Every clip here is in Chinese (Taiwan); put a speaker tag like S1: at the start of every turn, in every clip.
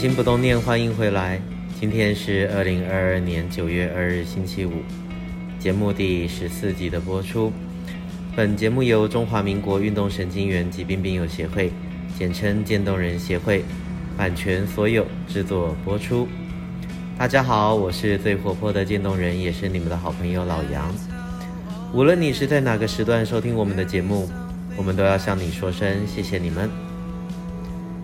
S1: 心不動念，歡迎回來。今天是二零二二年九月二日星期五，節目第十四集的播出。本節目由中華民國運動神經元疾病病友協會（簡稱漸凍人協會）版權所有，製作播出。大家好，我是最活潑的漸凍人，也是你們的好朋友老楊。無論你是在哪個時段收聽我們的節目，我們都要向你說聲謝謝你們。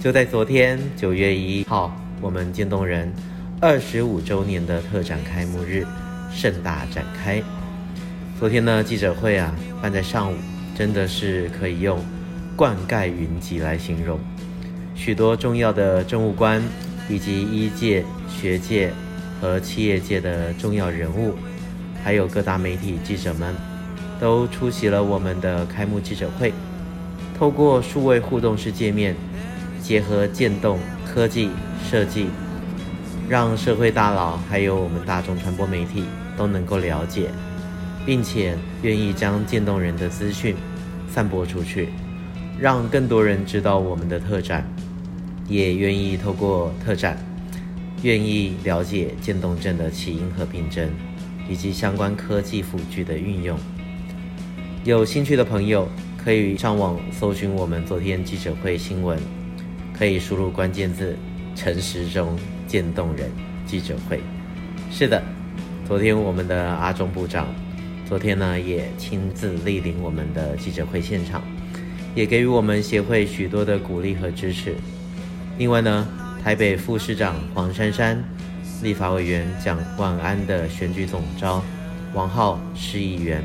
S1: 就在昨天，九月一號，我們漸凍人二十五週年的特展開幕日，盛大展開。昨天呢，記者會啊辦在上午，真的是可以用“冠蓋雲集”來形容。許多重要的政務官，以及醫界、學界和企業界的重要人物，還有各大媒體記者們，都出席了我們的開幕記者會。透過數位互動式界面。結合漸凍科技設計，讓社會大佬還有我們大眾傳播媒體都能夠了解，並且願意將漸凍人的資訊散播出去，讓更多人知道我們的特展，也願意透過特展，願意了解漸凍症的起因和病症，以及相關科技輔具的運用。有興趣的朋友，可以上網搜尋我們昨天記者會新聞。可以輸入關鍵字“陳時中漸凍人記者會”。是的，昨天我們的阿中部長，昨天呢也親自蒞臨我們的記者會現場，也給予我們協會許多的鼓勵和支持。另外呢，台北副市長黃珊珊、立法委員蔣萬安的選舉總召王浩市議員，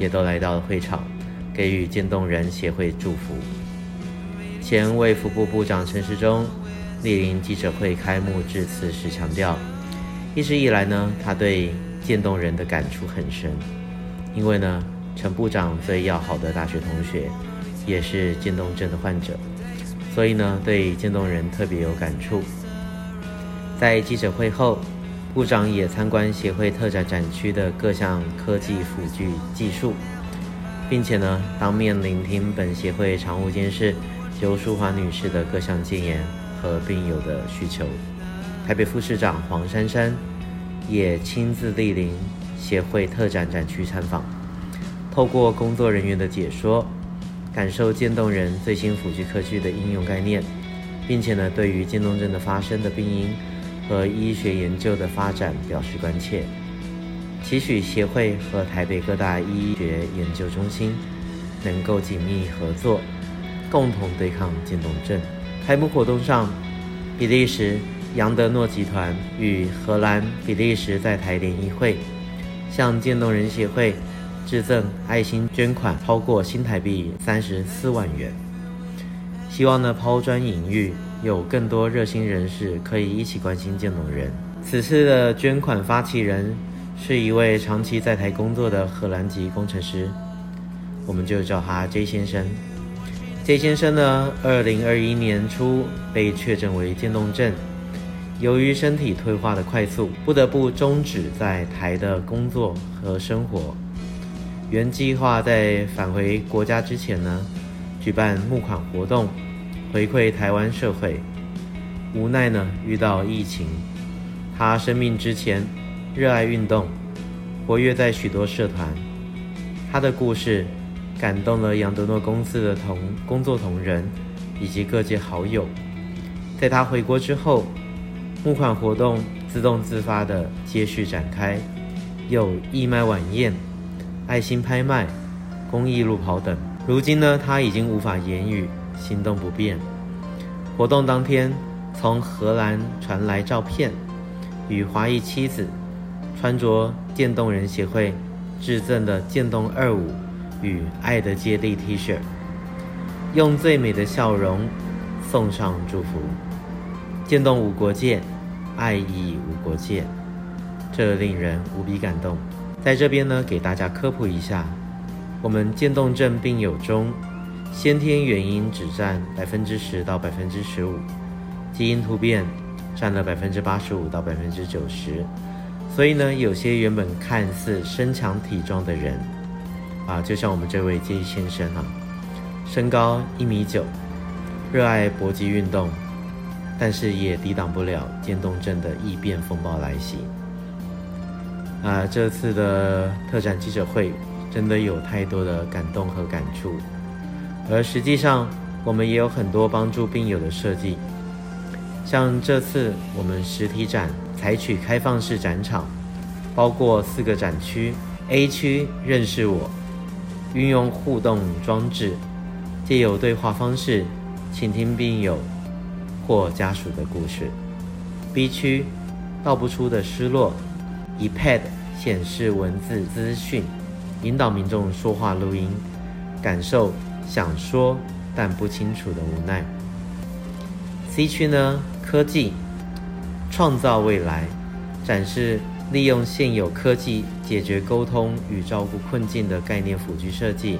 S1: 也都來到了會場，給予漸凍人協會祝福。前衛福部部長陳時中蒞臨記者會開幕致辭時強調，一直以來呢，他對漸凍人的感觸很深，因為呢，陳部長最要好的大學同學也是漸凍症的患者，所以呢，對漸凍人特別有感觸。在記者會後，部長也參觀協會特展展區的各項科技輔具技術，並且呢，當面聆聽本協會常務監事，游淑華女士的各項建言、和病友的需求。台北副市長黃珊珊也親自蒞臨協會特展展區參訪，透過工作人員的解說，感受漸凍人最新輔具科技的應用概念，並且呢，對於漸凍症的發生的病因和醫學研究的發展表示關切，期許協會和台北各大醫學研究中心能夠緊密合作，共同對抗漸凍症。開幕活動上，比利時楊德諾集團與荷蘭、比利時在台聯誼會向漸凍人協會致贈愛心捐款，超過新台幣三十四萬元。希望呢，拋磚引玉，有更多熱心人士可以一起關心漸凍人。此次的捐款發起人是一位長期在台工作的荷蘭籍工程師，我們就叫他 J 先生。J 先生呢，二零二一年初被確診為漸凍症，由於身體退化的快速，不得不終止在台的工作和生活。原計劃在返回國家之前呢，舉辦募款活動，回饋台灣社會。無奈呢，遇到疫情。他生病之前，熱愛運動，活躍在許多社團。他的故事，感動了楊德諾公司的同工作同仁以及各界好友。在他回國之後，募款活動自動自發的接續展開，有義賣晚宴、愛心拍賣、公益路跑等。如今呢，他已經無法言語，行動不便。活動當天，從荷蘭傳來照片，與華裔妻子穿着漸凍人協會致贈的見動二五。與愛的接力 T 恤，用最美的笑容送上祝福。漸凍無國界，愛亦無國界，這令人無比感動。在這邊呢，給大家科普一下，我們漸凍症病友中，先天原因只佔百分之十到百分之十五，基因突變佔了百分之八十五到百分之九十。所以呢，有些原本看似身強體壯的人。啊，就像我們這位 J 先生哈、啊，身高一米九，熱愛搏擊運動，但是也抵擋不了漸凍症的異變風暴來襲。啊，這次的特展記者會真的有太多的感動和感觸，而實際上我們也有很多幫助病友的設計，像這次我們實體展採取開放式展場，包括四個展區，A 區認識我。運用互動裝置，借由對話方式，傾聽病友或家屬的故事。B 區，道不出的失落，以 Pad 顯示文字資訊，引導民眾說話錄音，感受想說但不清楚的無奈。C 區呢？科技創造未來，展示利用現有科技解決溝通與照顧困境的概念輔具設計，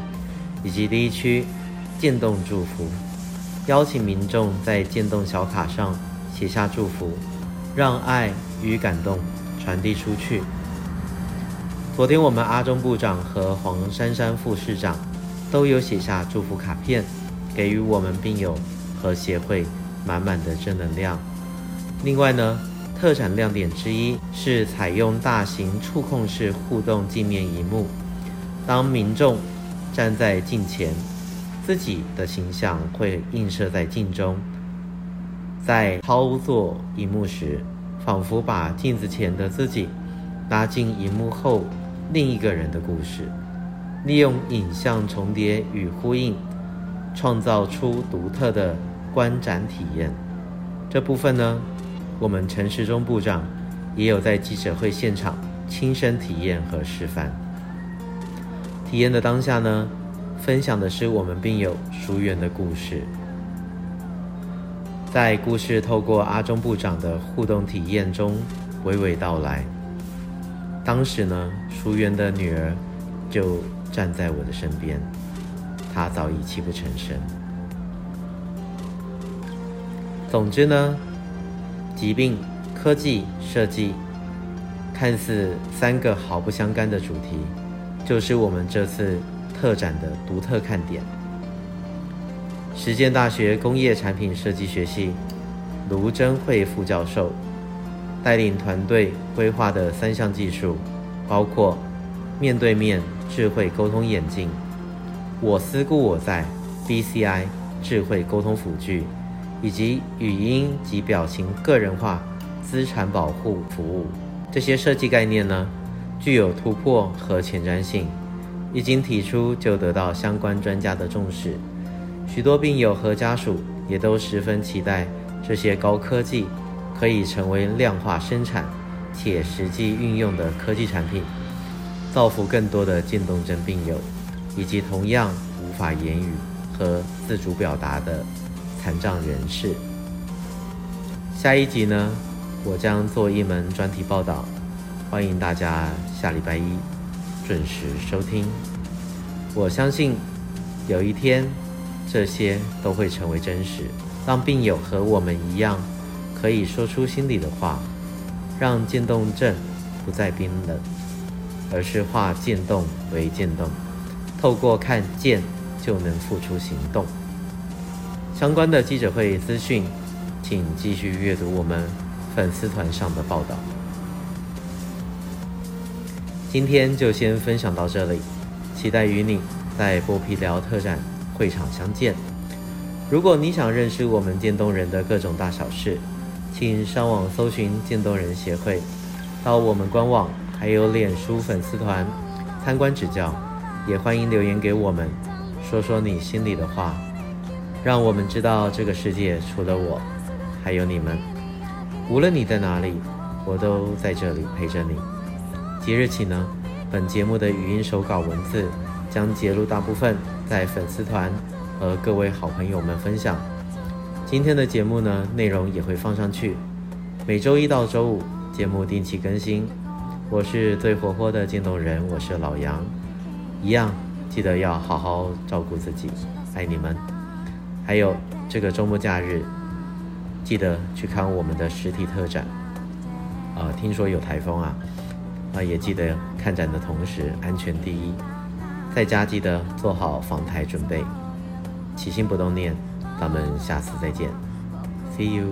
S1: 以及 D 區見動祝福，邀請民眾在見動小卡上寫下祝福，讓愛與感動傳遞出去。昨天我們阿中部長和黃珊珊副市長都有寫下祝福卡片，給予我們病友和協會滿滿的正能量。另外呢？特展亮點之一是採用大型觸控式互動鏡面熒幕，當民眾站在鏡前，自己的形象會映射在鏡中，在操作熒幕時，仿佛把鏡子前的自己拉進熒幕後另一個人的故事，利用影像重疊與呼應，創造出獨特的觀展體驗。這部分呢？我們陳時中部長也有在記者會現場親身體驗和示範。體驗的當下呢，分享的是我們病友淑媛的故事，在故事透過阿中部長的互動體驗中娓娓道來。當時呢，淑媛的女兒就站在我的身邊，她早已泣不成聲。總之呢。疾病、科技、設計，看似三個毫不相干的主題，就是我們這次特展的獨特看點。實踐大學工業產品設計學系盧禎慧副教授，帶領團隊規劃的三項技術，包括面對面智慧溝通眼鏡、我思故我在 BCI 智慧溝通輔具。以及語音及表情個人化資產保護服務，這些設計概念呢，具有突破和前瞻性，一經提出就得到相關專家的重視。許多病友和家屬也都十分期待這些高科技可以成為量化生產且實際運用的科技產品，造福更多的漸凍症病友，以及同樣無法言語和自主表達的。殘障人士。下一集呢，我將做一門專題報道，歡迎大家下禮拜一準時收聽。我相信，有一天，這些都會成為真實，讓病友和我們一樣，可以說出心裡的話，讓漸凍症不再冰冷，而是化漸凍為見動，透過看見就能付出行動。相關的記者會資訊，請繼續閱讀我們粉絲團上的報道。今天就先分享到這裡，期待與你在剝皮寮特展會場相見。如果你想認識我們漸凍人的各種大小事，請上網搜尋漸凍人協會，到我們官網還有臉書粉絲團參觀指教，也歡迎留言給我們，說說你心裡的話。讓我們知道這個世界除了我，還有你們。無論你在哪裡，我都在這裡陪着你。即日起呢，本節目的語音手稿文字將截錄大部分在粉絲團和各位好朋友們分享。今天的節目呢，內容也會放上去。每周一到周五節目定期更新。我是最活潑的漸凍人，我是老楊。一樣記得要好好照顧自己，愛你們。還有這個周末假日，記得去看我們的實體特展。啊、呃，聽說有台風啊，啊、呃、也記得看展的同時安全第一，在家記得做好防台準備。起心不凍念，咱們下次再見，See you。